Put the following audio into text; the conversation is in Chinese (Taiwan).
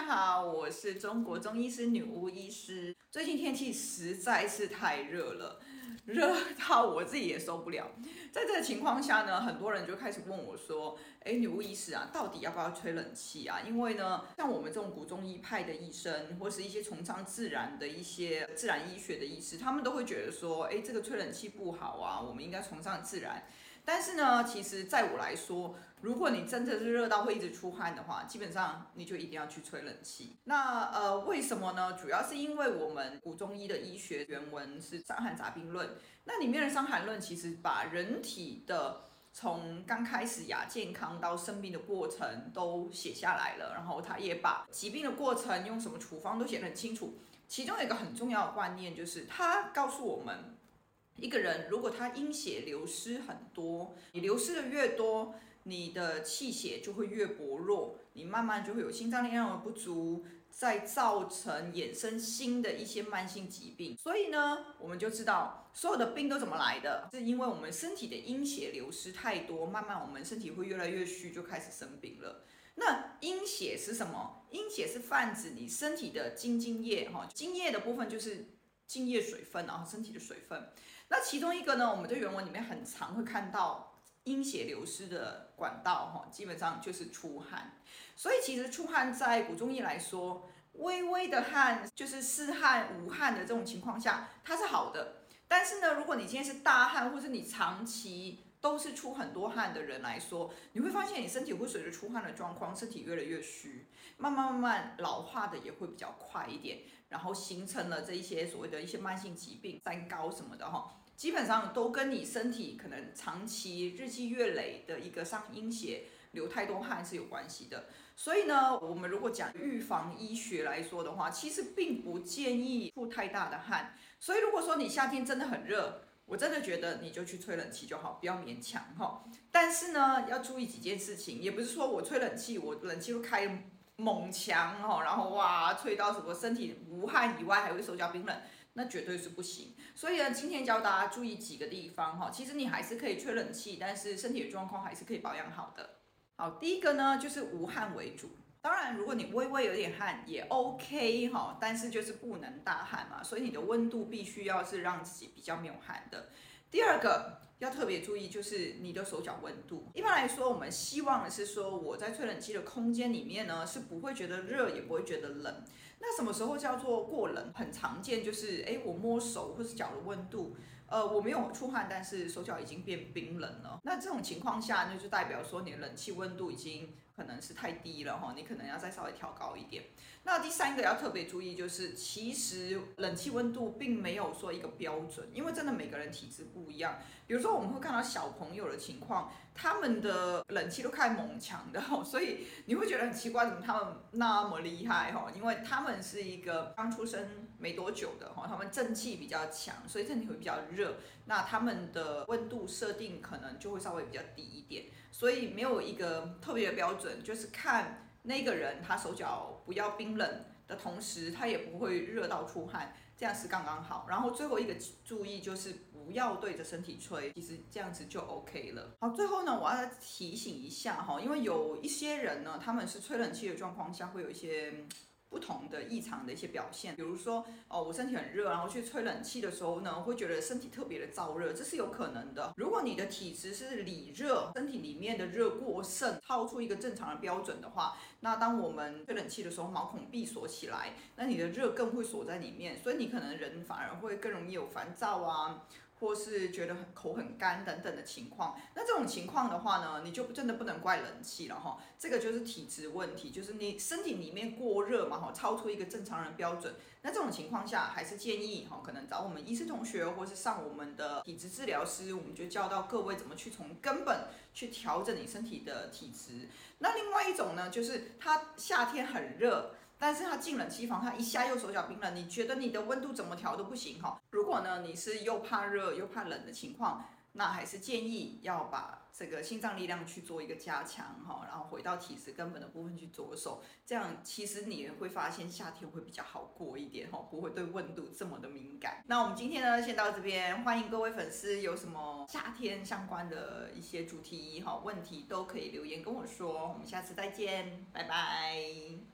大家好，我是中國中醫師女巫醫師。最近天氣實在是太熱了，熱到我自己也受不了。在這個情況下呢，很多人就開始問我說：“哎、欸，女巫醫師啊，到底要不要吹冷氣啊？”因為呢，像我們這種古中醫派的醫生，或是一些崇尚自然的一些自然醫學的醫師，他們都會覺得說：“哎、欸，這個吹冷氣不好啊，我們應該崇尚自然。”但是呢，其實在我來說，如果你真的是熱到會一直出汗的話，基本上你就一定要去吹冷氣。那呃，為什麼呢？主要是因為我們古中醫的醫學原文是《傷寒雜病論》，那裡面的《傷寒論》其實把人體的從剛開始亞健康到生病的過程都寫下來了，然後他也把疾病的過程用什麼處方都寫得很清楚。其中有一個很重要的觀念，就是他告訴我們。一個人如果他陰血流失很多，你流失的越多，你的氣血就會越薄弱，你慢慢就會有心臟力量的不足，再造成衍生新的一些慢性疾病。所以呢，我們就知道所有的病都怎麼來的，是因為我們身體的陰血流失太多，慢慢我們身體會越來越虛，就開始生病了。那陰血是什麼？陰血是泛指你身體的精精液，哈，精液的部分就是。津液水分，然後身體的水分，那其中一個呢，我們在原文裡面很常會看到陰血流失的管道，哈，基本上就是出汗。所以其實出汗在古中醫來說，微微的汗就是似汗、無汗的這種情況下，它是好的。但是呢，如果你今天是大汗，或是你長期都是出很多汗的人來說，你會發現你身體會隨着出汗的狀況，身體越來越虛，慢慢慢慢老化的也會比較快一點，然後形成了這一些所謂的一些慢性疾病、三高什麼的哈，基本上都跟你身體可能長期日積月累的一個傷陰血、流太多汗是有關係的。所以呢，我們如果講預防醫學來說的話，其實並不建議出太大的汗。所以如果說你夏天真的很熱，我真的覺得你就去吹冷氣就好，不要勉強哈。但是呢，要注意幾件事情，也不是說我吹冷氣我冷氣就開猛強，然後哇，吹到什麼身體無汗以外還會手腳冰冷，那絕對是不行。所以呢，今天教大家注意幾個地方哈，其實你還是可以吹冷氣，但是身體的狀況還是可以保養好的。好，第一個呢就是無汗為主。當然，如果你微微有點汗也 OK 哈，但是就是不能大汗嘛，所以你的溫度必須要是讓自己比較沒有汗的。第二個要特別注意就是你的手腳溫度。一般來說，我們希望的是說我在吹冷氣的空間裡面呢，是不會覺得熱，也不會覺得冷。那什麼時候叫做過冷？很常見就是，哎、欸，我摸手或是腳的溫度，呃，我沒有出汗，但是手腳已經變冰冷了。那這種情況下呢，那就代表說你的冷氣溫度已經。可能是太低了哈，你可能要再稍微調高一點。那第三個要特別注意就是，其實冷氣溫度並沒有說一個標準，因為真的每個人體質不一樣。比如說我們會看到小朋友的情況，他們的冷氣都開猛強的哈，所以你會覺得很奇怪，怎麼他們那麼厲害哈？因為他們是一個剛出生沒多久的哈，他們正氣比較強，所以身體會比較熱，那他們的溫度設定可能就會稍微比較低一點，所以沒有一個特別的標準。就是看那個人，他手腳不要冰冷的同時，他也不會熱到出汗，這樣是剛剛好。然後最後一個注意就是不要對着身體吹，其實這樣子就 OK 了。好，最後呢，我要提醒一下哈，因為有一些人呢，他們是吹冷氣的狀況下會有一些。不同的異常的一些表現，比如說哦，我身體很熱，然後去吹冷氣的時候呢，會覺得身體特別的燥熱，這是有可能的。如果你的體質是裡熱，身體裡面的熱過剩，超出一個正常的標準的話，那當我們吹冷氣的時候，毛孔閉鎖起來，那你的熱更會鎖在裡面，所以你可能人反而會更容易有煩躁啊。或是覺得很口很乾等等的情況，那這種情況的話呢，你就真的不能怪冷氣了哈，這個就是體質問題，就是你身體裡面過熱嘛哈，超出一個正常人標準。那這種情況下，還是建議哈，可能找我們醫師同學，或是上我們的體質治療師，我們就教到各位怎麼去從根本去調整你身體的體質。那另外一種呢，就是他夏天很熱，但是他進冷氣房，他一下又手腳冰冷。你覺得你的溫度怎麼調都不行哈？如果呢，你是又怕熱又怕冷的情況，那還是建議要把這個心臟力量去做一個加強哈，然後回到體質根本的部分去着手，這樣其實你也會發現夏天會比較好過一點哈，不會對溫度這麼的敏感。那我們今天呢，先到這邊，歡迎各位粉絲有什麼夏天相關的一些主題哈問題都可以留言跟我說，我們下次再見，拜拜。